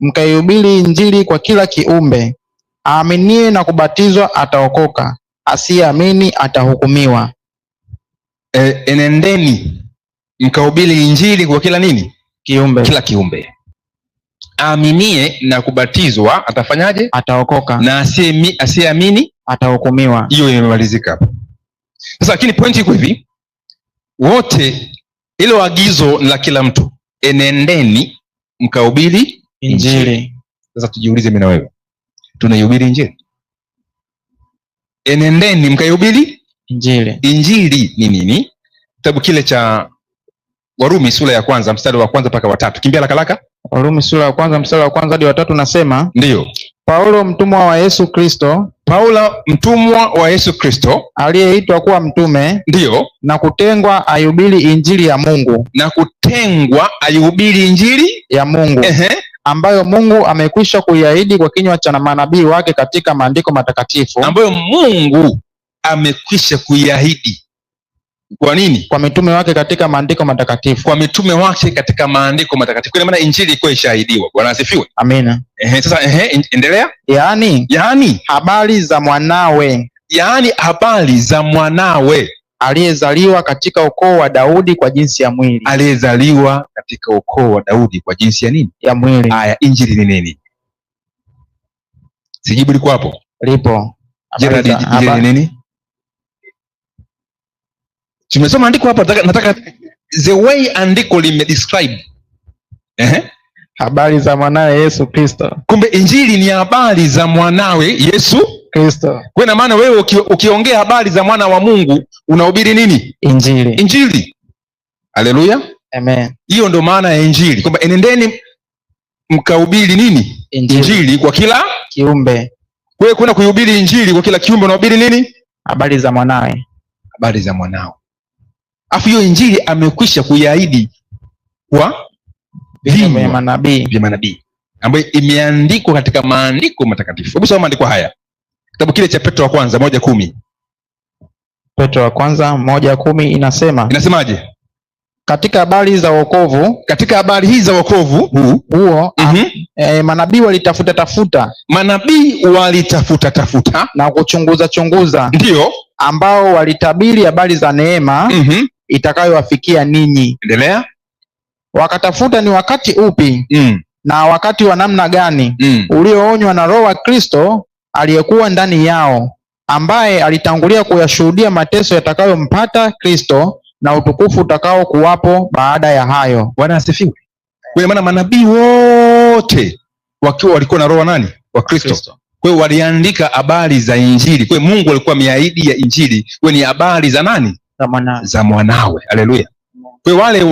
mkaihubiri Injili kwa kila kiumbe. aaminie na kubatizwa ataokoka, asiyeamini atahukumiwa. E, enendeni mkahubiri Injili kwa kila nini? Kiumbe, kila kiumbe. Aaminie na kubatizwa atafanyaje? Ataokoka, na asiyeamini atahukumiwa. Hiyo imemalizika Sasa lakini pointi iko hivi, wote ilo agizo ni la kila mtu, enendeni mkahubiri Injili. Sasa tujiulize mimi na wewe, tunaihubiri injili? Enendeni mkaihubiri injili. Injili ni nini? Kitabu kile cha Warumi sura ya kwanza mstari wa kwanza mpaka watatu. Kimbia lakalaka. Warumi sura ya kwanza mstari wa kwanza hadi watatu nasema, ndiyo Paulo mtumwa wa Yesu Kristo, Paulo mtumwa wa Yesu Kristo aliyeitwa kuwa mtume, ndiyo na kutengwa aihubiri injili ya Mungu, na kutengwa aihubiri injili ya Mungu. Ehe ambayo Mungu amekwisha kuiahidi kwa kinywa cha manabii wake katika maandiko matakatifu, ambayo Mungu amekwisha kuiahidi kwa nini? Kwa mitume wake katika maandiko matakatifu, kwa mitume wake katika maandiko matakatifu. Kwa maana injili ilikuwa ishaahidiwa. Bwana asifiwe, amina. Ehe, sasa ehe, endelea. Yaani, yaani habari za mwanawe, yaani habari za mwanawe aliyezaliwa katika ukoo wa Daudi kwa jinsi ya mwili, aliyezaliwa katika ukoo wa Daudi kwa jinsi ya nini? Ya mwili. Haya, injili ni nini? Sijibu liko hapo, lipo. Injili ni nini? Tumesoma andiko hapa, nataka nataka the way andiko limedescribe eh, habari za mwanawe Yesu Kristo. Kumbe injili ni habari za mwanawe Yesu Kristo. Kwa ina maana wewe ukiongea habari za mwana wa Mungu unahubiri nini? Injili. Injili. Haleluya. Hiyo ndo maana ya injili kwamba enendeni mkahubiri nini? Injili. Injili kwa kila kiumbe. Wewe kwenda kuihubiri injili kwa kila kiumbe unahubiri nini? Habari za mwanawe. Habari za mwanao. Afu hiyo injili amekwisha kuiahidi kwa vinywa vya manabii ambayo imeandikwa katika maandiko matakatifu. Hebu soma maandiko haya Kitabu kile cha Petro wa kwanza moja kumi Petro wa kwanza moja kumi inasema inasemaje? Katika habari za wokovu, katika habari hii za wokovu huu huo, mm -hmm. E, manabii walitafuta tafuta, manabii walitafuta tafuta na kuchunguza chunguza, ndio ambao walitabiri habari za neema mm -hmm. itakayowafikia ninyi. Endelea. Wakatafuta ni wakati upi mm. na wakati wa namna gani mm. ulioonywa na Roho wa Kristo aliyekuwa ndani yao, ambaye alitangulia kuyashuhudia mateso yatakayompata Kristo na utukufu utakaokuwapo baada ya hayo. Bwana asifiwe. Kwa maana manabii wote wakiwa walikuwa na roho nani? Wa Kristo. Kwa hiyo waliandika habari za Injili. Kwa hiyo Mungu alikuwa ameahidi ya Injili, kwa ni habari za nani? Za mwanawe, za mwanawe. Haleluya. Kwa hiyo wale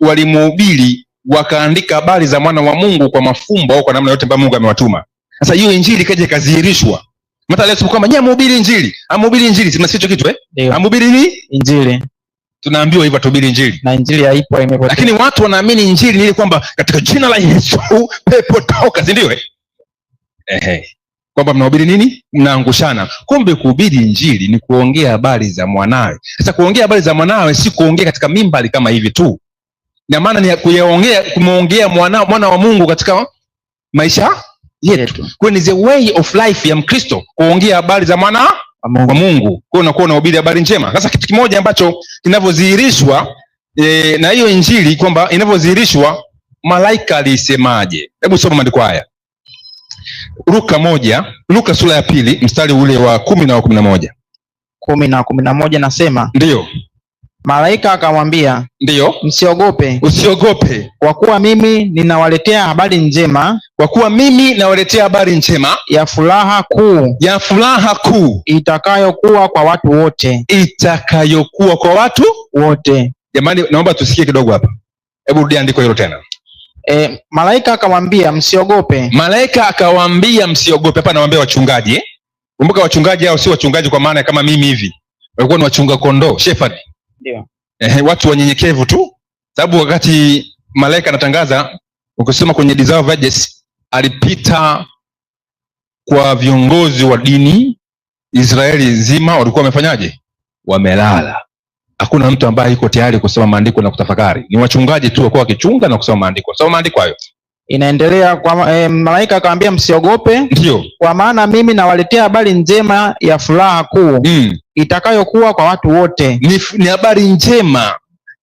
walimhubiri wakaandika habari za mwana wa Mungu kwa mafumbo au kwa namna yote ambayo Mungu amewatuma. Sasa hiyo injili ikaja ikadhihirishwa. Mata leo kwamba nyie mhubiri injili, amhubiri ah, injili, sima hicho kitu eh? Amhubiri ah, ni injili. Tunaambiwa hivyo tuhubiri injili. Na injili haipo imepotea. Lakini watu wanaamini injili ni ile kwamba katika jina la Yesu pepo toka, si ndio eh? Ehe. Kwamba mnahubiri nini? Mnaangushana. Kumbe kuhubiri injili ni kuongea habari za mwanawe. Sasa kuongea habari za mwanawe si kuongea katika mimbali kama hivi tu. Na maana ni kuyaongea, kumuongea mwana mwana wa Mungu katika maisha yetu. Kwa ni the way of life ya Mkristo kuongea habari za mwana wa Mungu. Kwa unakuwa unahubiri habari njema. Sasa kitu kimoja ambacho kinavyodhihirishwa e, eh, na hiyo injili kwamba inavyodhihirishwa malaika alisemaje? Hebu soma maandiko haya. Luka moja, Luka sura ya pili mstari ule wa kumi na wa kumi na moja kumi na kumi na moja nasema ndiyo Malaika akamwambia, ndiyo, msiogope, usiogope, kwa kuwa mimi ninawaletea habari njema, kwa kuwa mimi nawaletea habari njema ya furaha kuu, ya furaha kuu itakayokuwa kwa watu wote, itakayokuwa kwa watu wote. Jamani, naomba tusikie kidogo hapa, hebu rudia andiko hilo tena. E, malaika akamwambia, msiogope. Malaika akawaambia msiogope. Hapa nawambia wachungaji, eh? kumbuka wachungaji hao si wachungaji kwa maana kama mimi hivi, walikuwa ni wachunga kondoo, shepherd eh, watu wanyenyekevu tu, sababu wakati malaika anatangaza, ukisoma kwenye Desire of Ages, alipita kwa viongozi wa dini Israeli nzima, walikuwa wamefanyaje? Wamelala. Hakuna mtu ambaye yuko tayari kusoma maandiko na kutafakari. Ni wachungaji tu wakuwa wakichunga na kusoma maandiko, soma maandiko hayo inaendelea kwa e, malaika akamwambia msiogope, ndio kwa maana mimi nawaletea habari njema ya furaha kuu mm. itakayokuwa kwa watu wote. Ni, ni habari njema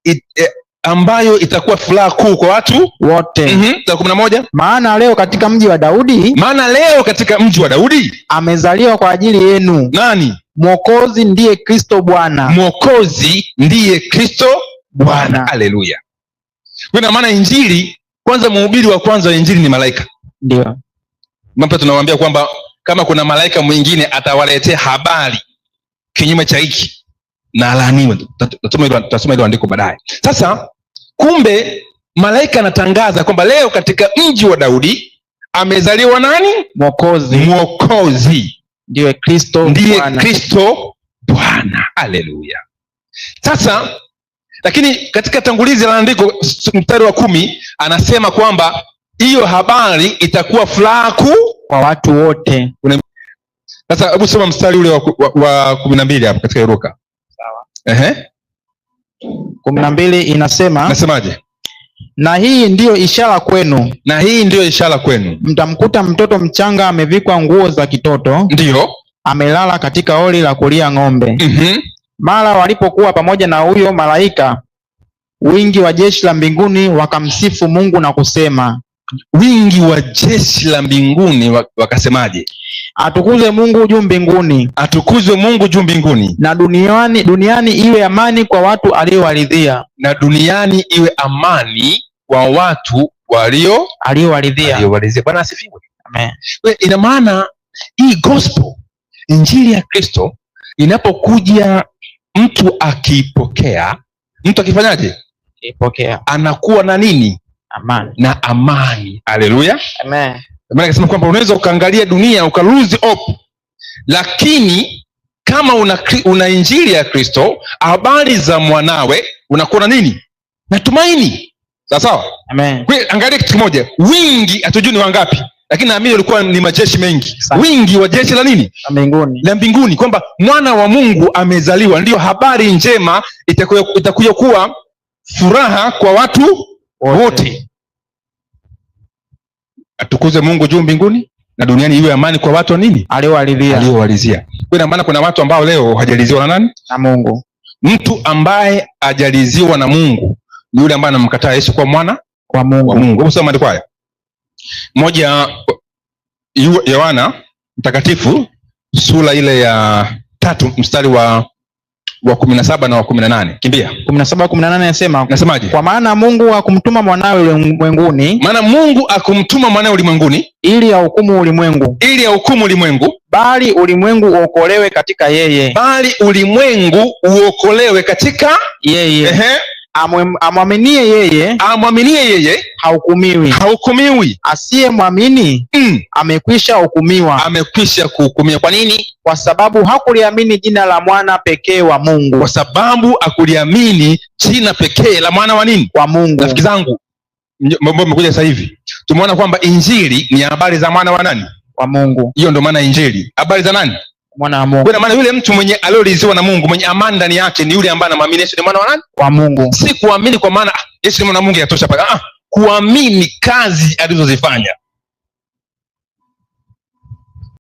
It, eh, ambayo itakuwa furaha kuu kwa watu wote. mm -hmm. kumi na moja. Maana leo katika mji wa Daudi, maana leo katika mji wa Daudi amezaliwa kwa ajili yenu nani? Mwokozi ndiye Kristo Bwana. Mwokozi ndiye Kristo Bwana. Haleluya! Kwa maana injili kwanza mhubiri wa kwanza wa injili ni malaika, ndio mapa tunawaambia kwamba kama kuna malaika mwingine atawaletea habari kinyume cha hiki na alaaniwe. Tutasoma hilo andiko baadaye. Sasa kumbe malaika anatangaza kwamba leo katika mji wa Daudi amezaliwa nani? Mwokozi, Mwokozi ndiye Kristo, ndiye Kristo Bwana. Haleluya! Sasa lakini katika tangulizi la andiko mstari wa kumi anasema kwamba hiyo habari itakuwa furaha kuu kwa watu wote. Sasa hebu soma mstari ule wa, kumi na mbili hapo katika iruka kumi na mbili inasema, nasemaje? Na hii ndiyo ishara kwenu, na hii ndiyo ishara kwenu, mtamkuta mtoto mchanga amevikwa nguo za kitoto, ndiyo amelala katika oli la kulia ng'ombe. mm -hmm. Mara walipokuwa pamoja na huyo malaika, wingi wa jeshi la mbinguni wakamsifu Mungu na kusema, wingi wa jeshi la mbinguni wakasemaje? Atukuze Mungu juu mbinguni, atukuzwe Mungu juu mbinguni, na duniani, duniani iwe amani kwa watu aliowaridhia, na duniani iwe amani kwa watu walio aliowaridhia. Bwana asifiwe. Amen. Ina maana hii gospel, injili ya Kristo inapokuja mtu akiipokea, mtu akifanyaje? Akipokea anakuwa na nini? Amani. Na amani. Haleluya, amen. Maana kasema kwamba unaweza ukaangalia dunia uka lose hope, lakini kama una, una injili ya Kristo, habari za mwanawe, unakuwa na nini? Natumaini. Sawa sawa, amen. Angalia kitu kimoja, wingi hatujui ni wangapi lakini naamini walikuwa ni majeshi mengi Sa. wingi wa jeshi la nini la mbinguni, kwamba mwana wa Mungu amezaliwa. Ndiyo habari njema itakuja kuwa furaha kwa watu wote. Atukuze Mungu juu mbinguni na duniani iwe amani kwa watu wa nini aliowalizia. Kwa ina kuna watu ambao leo hajaliziwa na nani? Na Mungu. Mtu ambaye hajaliziwa na Mungu ni yule ambaye anamkataa Yesu kwa mwana wa Mungu. mungu. mungu. Hebu soma maandiko haya moja Yohana mtakatifu sura ile ya tatu mstari wa wa kumi na saba na wa kumi na nane kimbia kumi na saba kumi na nane anasema nasemaje? Kwa maana Mungu akumtuma mwanawe ulimwenguni, maana Mungu akumtuma mwanawe ulimwenguni ili ahukumu ulimwengu, ili ahukumu ulimwengu, bali ulimwengu uokolewe katika yeye, bali ulimwengu uokolewe katika yeye. Ehe amwaminie yeye, amwaminie yeye hahukumiwi, hahukumiwi. Asiyemwamini mm, amekwisha hukumiwa, amekwisha kuhukumiwa. Kwa nini? Kwa sababu hakuliamini jina la mwana pekee wa Mungu, kwa sababu hakuliamini jina pekee la mwana wa nini, wa Mungu. Rafiki zangu ambao mmekuja sasa hivi, tumeona kwamba injili ni habari za mwana wa nani, wa Mungu. Hiyo ndio maana injili, habari za nani, mwana wa Mungu. Kwa maana yule mtu mwenye alioliziwa na Mungu, mwenye amani ndani yake ni yule ambaye anamwamini Yesu ni mwana wa nani? Wa Mungu. Si kuamini kwa maana ah, Yesu ni mwana wa Mungu yatosha pale. Ah, kuamini kazi alizozifanya.